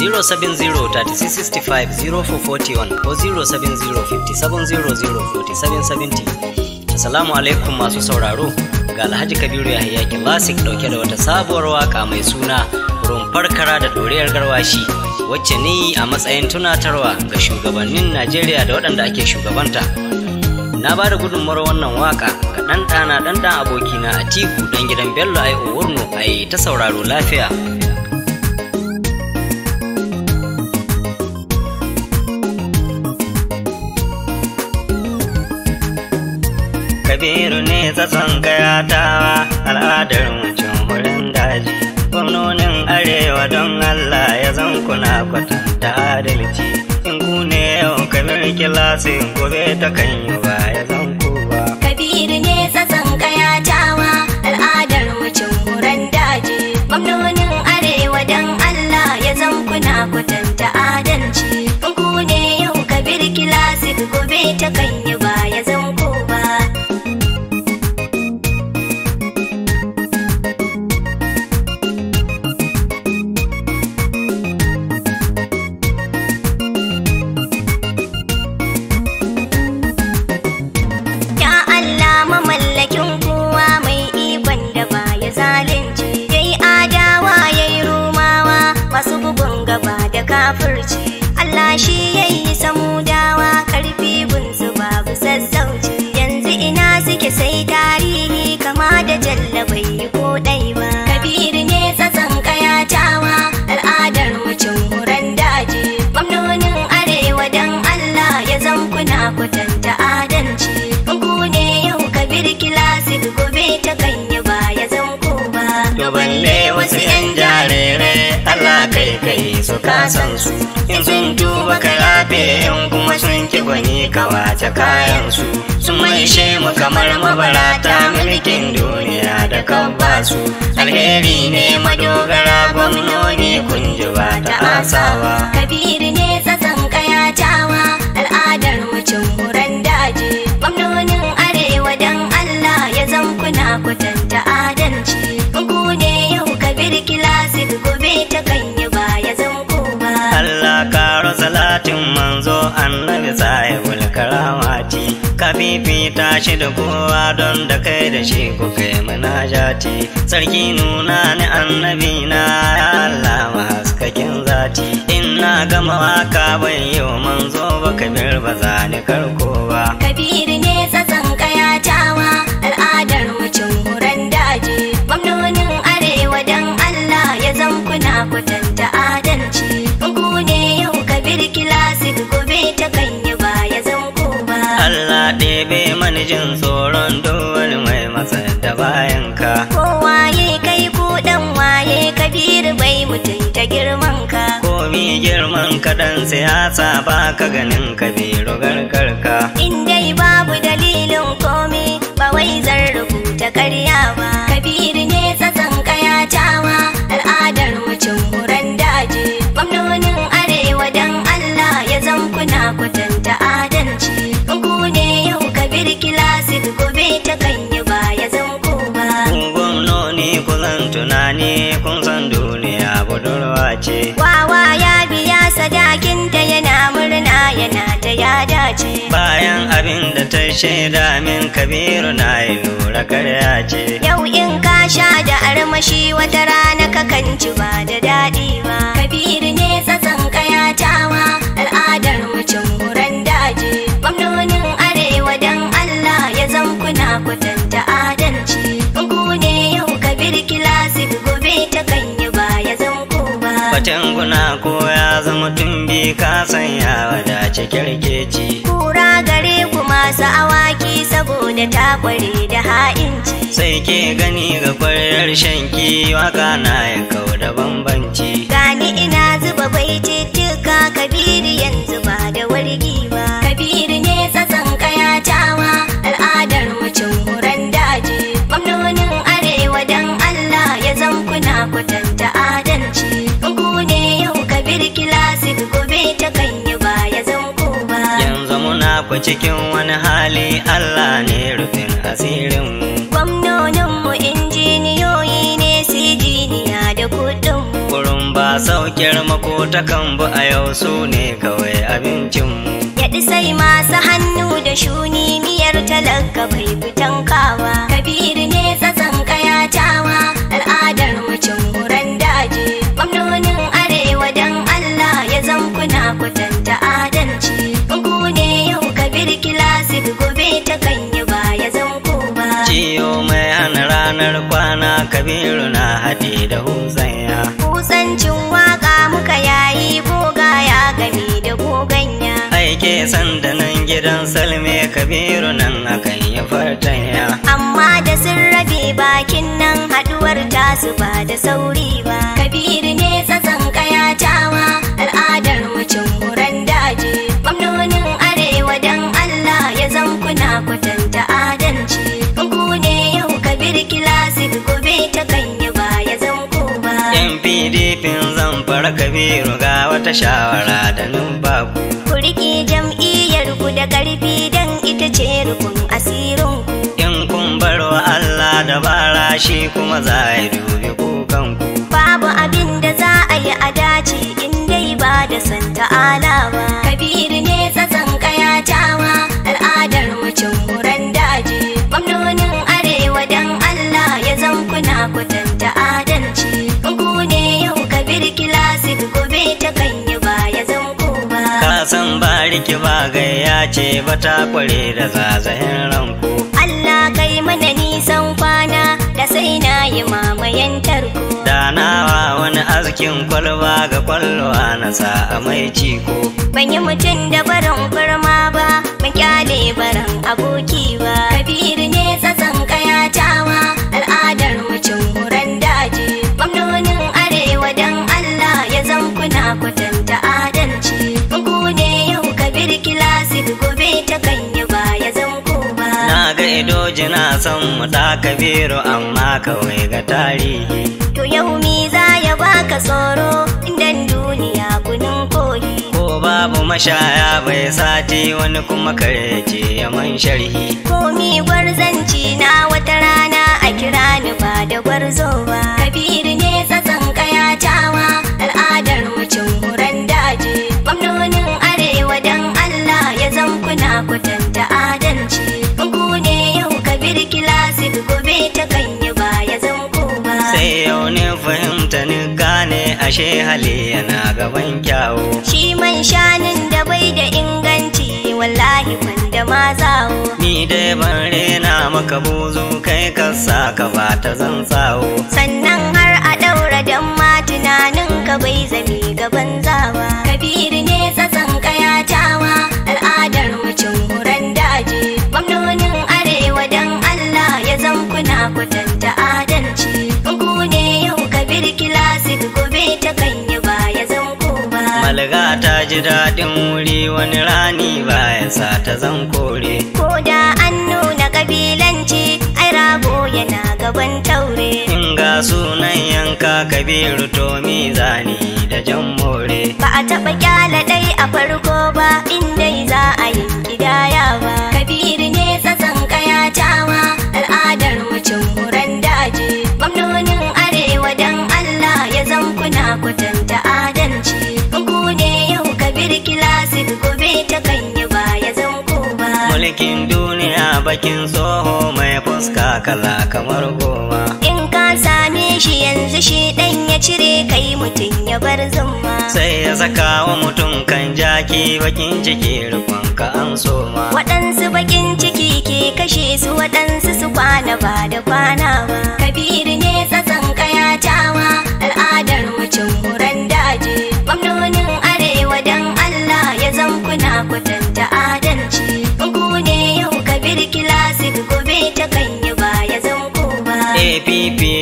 070 ko 070 Assalamu alaikum masu sauraro ga Alhaji Kabiru Yahaya Classic dauke da wata sabuwar waka mai suna rumfar kara da doriyar garwashi wacce ni a matsayin tunatarwa ga shugabannin Najeriya da waɗanda ake shugabanta. Na ba da gudunmawar wannan waka ga ɗanɗana ɗana abokina a tiku dan gidan Bello Ai Oworno a ta sauraro lafiya. kabiru ne sassan kayatawa al'adar mutum wurin daji gwamnonin arewa don allah ya zan kuna kwatanta adalci in ku ne yau kamar kilasi gobe ta kan yi ba ya zan ku ba kabiru ne sassan kayatawa al'adar mutum wurin daji gwamnonin arewa don allah ya zan kuna kwatanta adalci in ku ne yau kabir kilasi gobe ta kan yi ba ya zan kai su kasan su in sun tuba ka kuma sun ki gwani ka wace kayan su sun maishe mu kamar mabarata mulkin duniya da kan su alheri ne madogara gwamnoni kun ji ba ta asawa kabiri ne tsatsan kayatawa al'adar mucin buran daji gwamnonin arewa dan allah ya zan kuna kwatanta adalci ne yau kabir kilasik gobe ta kai annabi sahibul karamati ka ta shi da kowa don da kai da shi ku kai jati sarki nuna ni annabi na ya Allah haskakin zati na gama waka bai yau manzo ba kabir ba za ni karko ba kabir ne jin tsoron dole mai masa da bayan ka ko waye kai ko dan waye kabir bai ta girman ka Ko mi girman ka dan siyasa ba ka ganin kabiru garkarka in dai babu da ni kun san duniya budurwa ce wawa ya biya sadakin ta yana murna yana ta ya dace bayan abin da ta shaida min kabiru na yi lura karya ce yau in ka sha da armashi wata rana ka ci ba da daɗi ba kabiru ne tsatsan kayatawa al'adar macen wuran daji gwamnonin arewa don allah ya zan kuna kwatanta adalci tanguna ko ya zama tumbi ka sanya wadace kirkeci kura gare ku masu awaki saboda takware da ha'inci sai ke gani ga kwarar shanki waka na ya kau da bambanci ko ta kambu a yau su ne kawai abincinmu. Yaɗi sai masu hannu da shuni miyar talaka gidan salme kabiru nan akan yi fartanya amma da sun rabe bakin nan haduwar ta su ba da sauri ba kabiru ne kabiru ga wata shawara da babu ku rike jam'iyyar ku da ƙarfi dan ita ce rukun asirin in kun bar wa Allah da bara shi kuma za ya dubi kukan babu abin da za a yi a dace in dai ba da santa ta'ala ba kabiru ne tsatsan kayatawa al'adar mucin muran daji gwamnonin arewa dan Allah ya zan kuna kutan ne ta kanyi ba ya zanko ba ka san bariki ba gaya ce ba ta kware da zazayen ranko Allah kai mana nisan kwana da sai na yi mamayen tarko danawa wani askin kwalba ga kwalwa na sa mai ciko ban yi mutum da barin kurma ba mu kyale barin aboki ba kabiru ne tsatsan kayatawa yar kilasik gobe ta kan yi baya zanko ba na ga idoji na san mu da kabiru amma kawai ga tarihi to yau mi za ya baka tsoro dan duniya kunin koyi ko babu mashaya bai sati wani kuma kare ce ya man sharhi komi gwarzanci na wata rana a kira ni ba da gwarzo ba kabiru ne she hale yana gaban kyawu shi man shanin da bai da inganci wallahi da ma zawo ni dai ban rena maka buzu kai ka ka ba ta zan tsawo sannan har a daura dan ma tunanin ka bai zami gaban zawa kabiri ne Alga ta ji daɗin wuri wani rani ba ya sa ta zan kore. Ko da an nuna ƙabilanci, ai rago yana gaban taure. In ga sunan yanka kabiru to mi zani da jan more. Ba a taɓa gyala ɗai a farko ba, in dai za a yi ƙidaya ba. Kabiru ne tsatsan ƙayatawa, al'adar macen muran daji. Gwamnonin arewa don Allah ya zan kuna kwatanta. gobe ta kan yi ba ya ba. Mulkin duniya bakin tsoho mai fuska kala kamar goma. In ka same shi yanzu shi ɗan ya cire kai mutum ya bar zama. Sai ya saka wa mutum kan jaki bakin ciki rufin ka an soma. Waɗansu bakin ciki ke kashe su waɗansu su kwana ba da kwana ba. Kabiru ne Sidi gobe ta yi baya zan koma.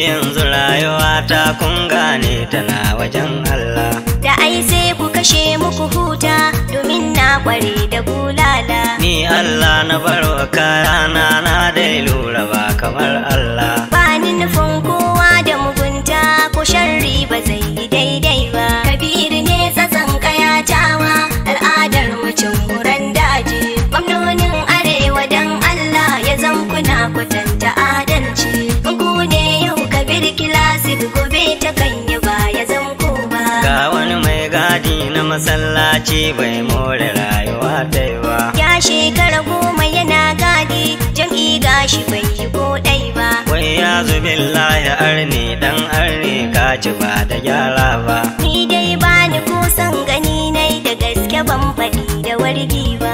yanzu rayuwa ta kun ne tana wajen Allah. Da ai sai ku kashe muku huta domin na kware da bulala. Ni Allah na bar karana na dai lura ba kamar Allah. Ba ni nufin kowa da mugunta ko sharri ba masallaci bai more rayuwa ta ba. Ya shekara goma yana gadi jam'i gashi bai yi ko ba. Wai ya zubin laya arni dan arni ka ba da gyara ba. Ni dai bani ni kusan gani nai da gaske ban faɗi da wargi ba.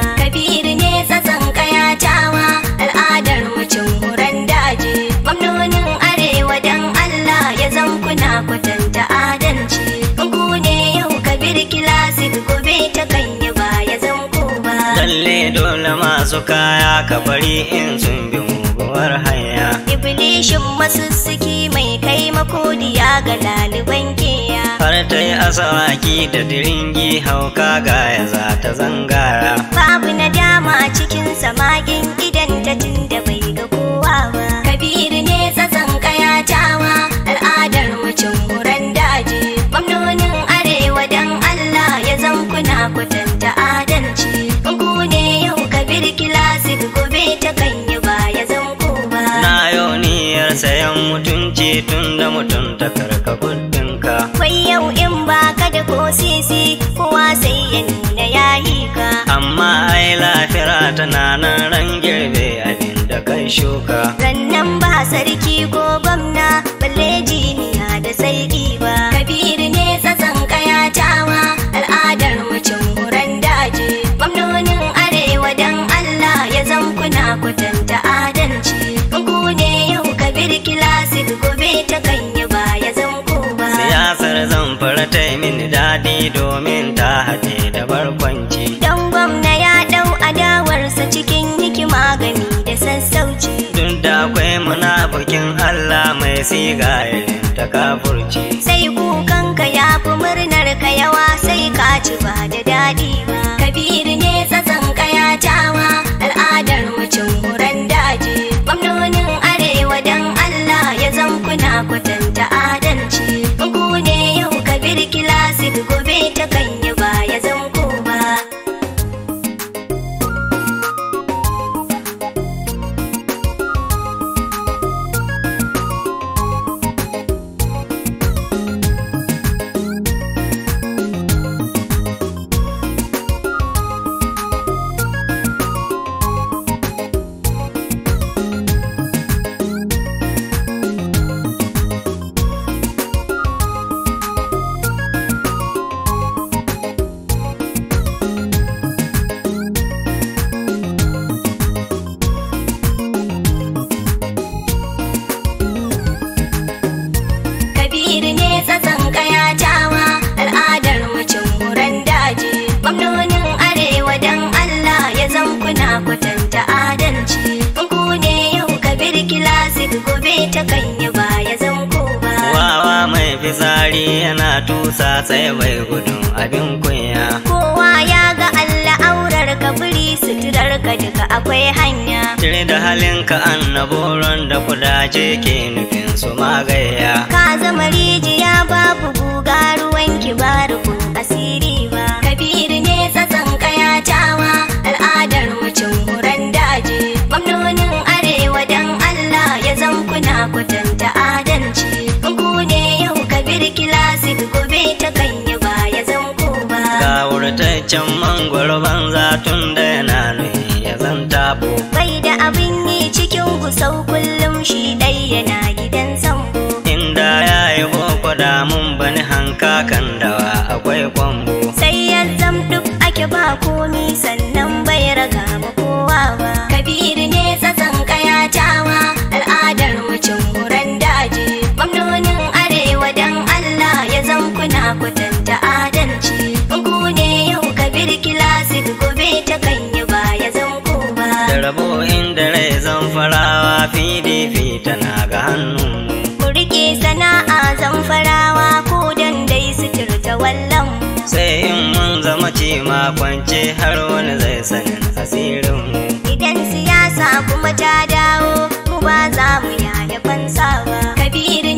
masu kaya ka bari in sun bi muguwar hanya. Iblishin masussuki mai kai makodiya ga ɗaliban keya. Har ta yi asawaki da diringi hauka gaya za ta zangara. Babu na dama cikin samagin idan ta tunda. sayan mutunci tun da mutum ta karka kudinka. Wai yau in ba ka da ko sisi kowa sai ya nuna ya yi ka. Amma ai lafira ta nana ran girbe abin da kan shuka. Rannan ba sarki ko gwamna balle jiniya da sarki ba. Kabiru ne tsatsan kayatawa al'adar mucin wuran daji. Gwamnonin arewa don Allah ya zan kuna kutanta. kilasi gobe ta kan yi baya zanko ba siyasar zan fara ta min daɗi domin ta haɗe da barkwanci dan gwamna ya ɗau adawarsa cikin hikima gami da sassauci duk da akwai munafukin Allah mai siga ta kafurci sai kukanka ya fi murnar ka yawa sai ka ci ba da daɗi ka ran da ce ke nufin su magaya ka zama rijiya babu guga ruwan kibaru sau kullum shi dai yana gidan sambo inda ya yi boko da mun bani hanka kan dawa akwai kwambo sai ya zam duk ake ba komi sannan bai raga ba kowa ba kabiru ne tsatsan tawa al'adar macin wurin daji gwamnonin arewa dan allah ya zan kuna kwatanta adalci ne yau kabir kilasi gobe ta ba ya ba rabo inda rai zan farawa pdp tana ga hannu ku rike sana'a zamfarawa ko dandai suturta wallan sai in mun zama ce kwance har wani zai sanin asirin idan siyasa kuma ta dawo mu ba za mu yaya fansa ba kabirin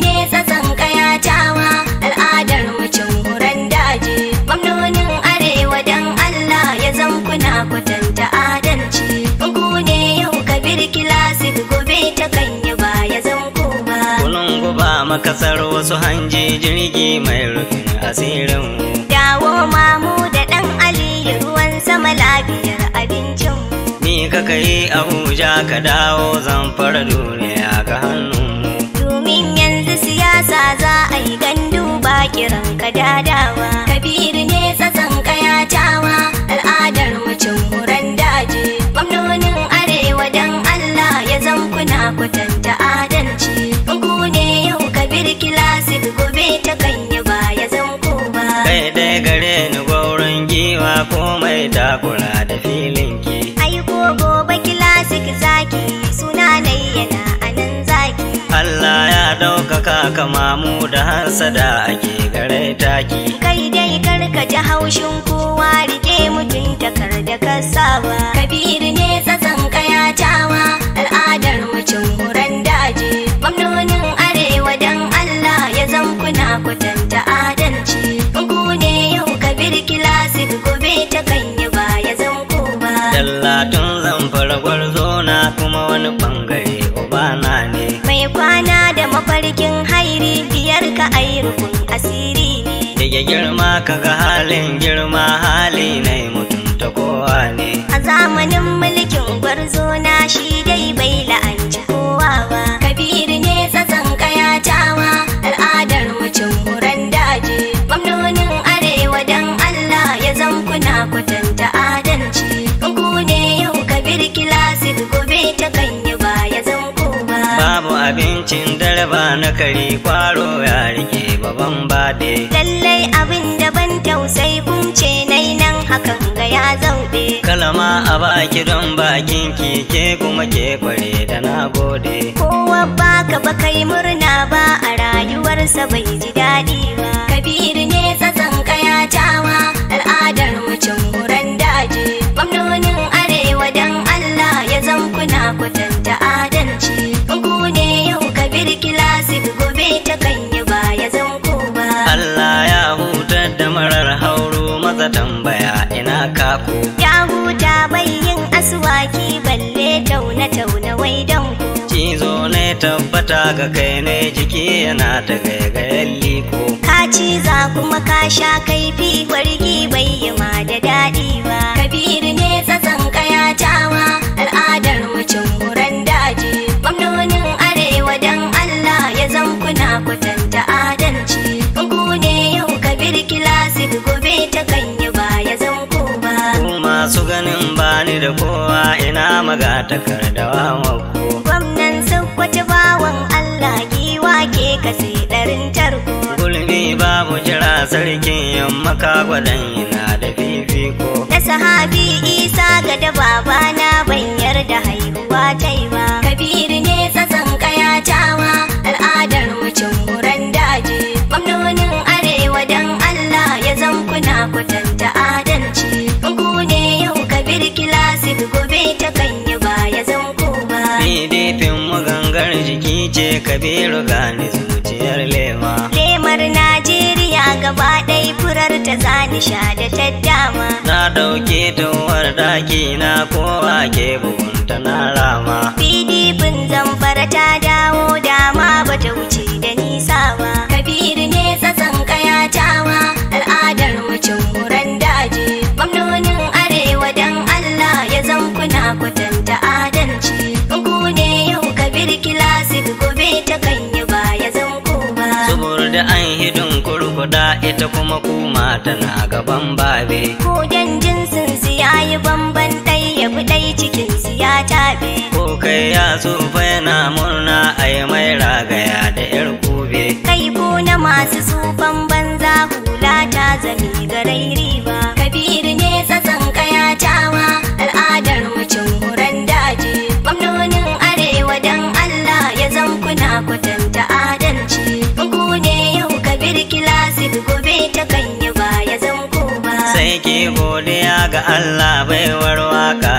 kasar wasu hanji jirgi mai rufin asirin dawo mamu da ɗan aliyu ruwan sama labiyar abincin ni ka kai abuja ka dawo zamfara duniya ka hannu domin yanzu siyasa za a yi gandu ba kiran ka dadawa kabiru ne tsatsan kayatawa al'adar macin wurin daji gwamnonin arewa don allah ya zan kuna kwatanta komai takura da filin ki. Ai ko gobe kilasik zaki suna nai yana anan zaki. Allah ya ɗaukaka kamamu da hansada ake gare taki. Kai dai karka ji haushin kowa rike mutuntakar da yi asiri ne daga girma kaga halin girma hali na mutum ta kowa ne a zamanin mulkin gwarzo na shi dai bai la'anci kowa ba kabiru abincin darba na kare kwaro ya rike baban bade lallai abin da ban tausai kunce nai nan hakan ga ya zaube kalama a baki don bakin keke kuma ke kware da na gode kowa baka ba kai murna ba a rayuwarsa bai ji daɗi ba kabir ne tsatsan kayatawa ku ya huta bai yin aswaki balle tauna tauna wai don ku cizo ne tabbata ga kai ne jiki yana ta gaigayen liko ka ciza kuma ka sha kaifi wargi bai yi ma da daɗi ba ni da kowa ina maga takarda wa mako gwamnan saukwace bawan Allah giwa ke ka sai tarko gulbi babu jira sarkin yamma ka gwadan ina da fifiko da sahabi isa ga da babana ban yarda haihuwa tai ba sarki ce kabiru gani zuciyar lema lemar najeriya gaba ɗai furar ta zani sha da taddama na ɗauke tuwar ɗaki na kowa ke bugunta na rama bin zambar ta dawo dama ba ta wuce da nisa ba kabiru ne tsatsan kayatawa ita kuma kuma tana gaban babe ko dan jinsin su yayi bamban dai ya bi dai cikin su ya tabe ko kai ya tsufa yana murna ai mai ragaya da yar gobe kai ko na masu tsufa godiya ga Allah baiwar waka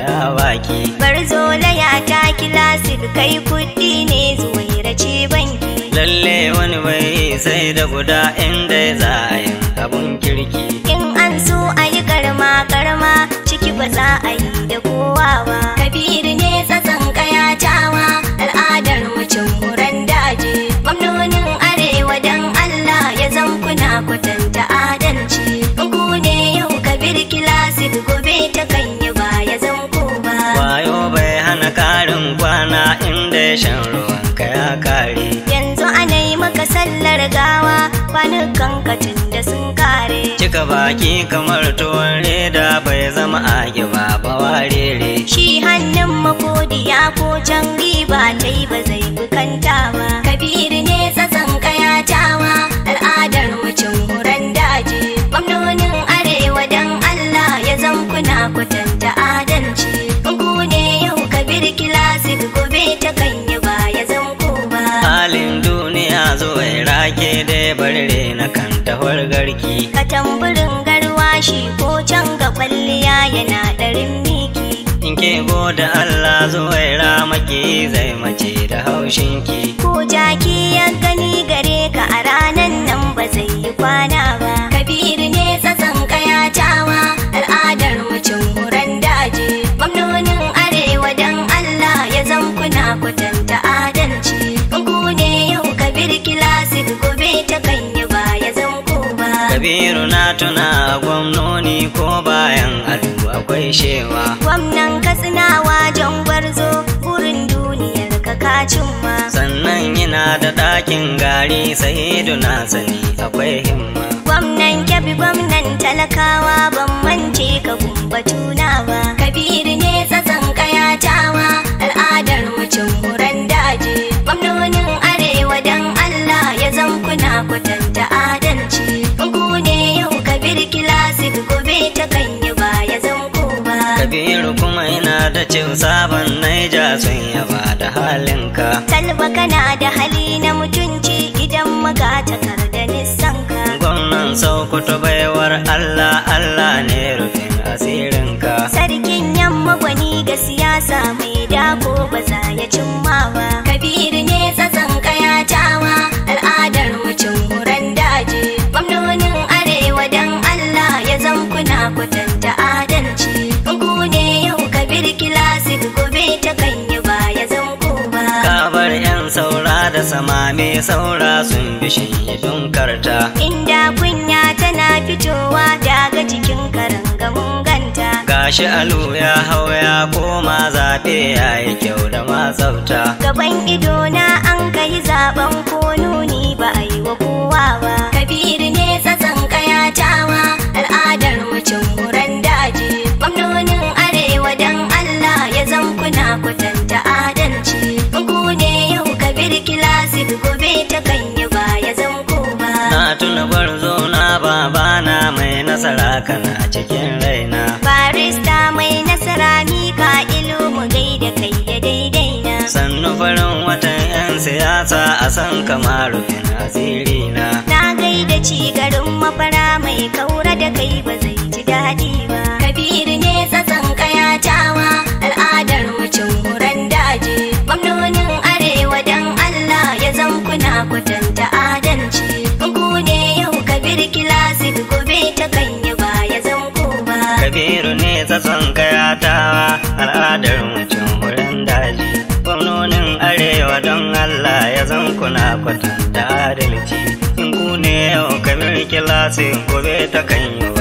ya baki bar zolaya ta kilasik kai kuɗi ne zuwa ce banki lalle wani bai sai da guda inda za a yi abun kirki in an so a yi karma karma ciki ba za a yi da kowa ba kabiru ne shan ruwan ka ya kare yanzu ana yi maka sallar gawa kwanukan kacin da sun kare cika baki kamar tuwon reda bai zama agi ba ware sahur garki ka tamburin garwashi ko can ga kwalliya yana ɗarin miki in ke goda Allah rama maki zai mace da haushinki ko jaki ya gani gare ka a ranan nan ba zai yi kwana da ɗakin gari sai na sani akwai himma. Gwamnan kyabi gwamnan talakawa ban mance ka gumbatuna ba. Kabiru ne tsatsan kayatawa al'adar mucin wuran daji. Gwamnonin arewa don Allah ya zan kuna kwatanta adalci. Ku ne yau kabir kilasik gobe ta kanyi, ba ya zan ba. Kabiru kuma yana da cin sabon Sun yaba da halinka talba kana da hali na mutunci idan maga takarda nisanka gwamnan sokoto baiwar allah allah ne rufin asirinka sarkin yamma gwani ga siyasa ma me saura sun bishi don karta inda kunya tana fitowa daga cikin karanga munganta. gashi alu ya hau ya koma zaɓe ya yi kyau da matsauta gaban ido na an kai zaben ko nuni ba a yi wa kowa ba kabir ne baba na mai nasara kana cikin raina barista mai nasara ni mika'ilu mu gaida kai da daidai na sannu farin watan yan siyasa a san kamar rufin asiri na na gaida ci garin mafara mai kaura da kai ba zai ji daɗi ba kabiru ne al'adar mutum wurin daji gwamnonin arewa don allah ya zan kuna kwatanta adalci in ku ne yau kamar kilasi gobe ta kan yi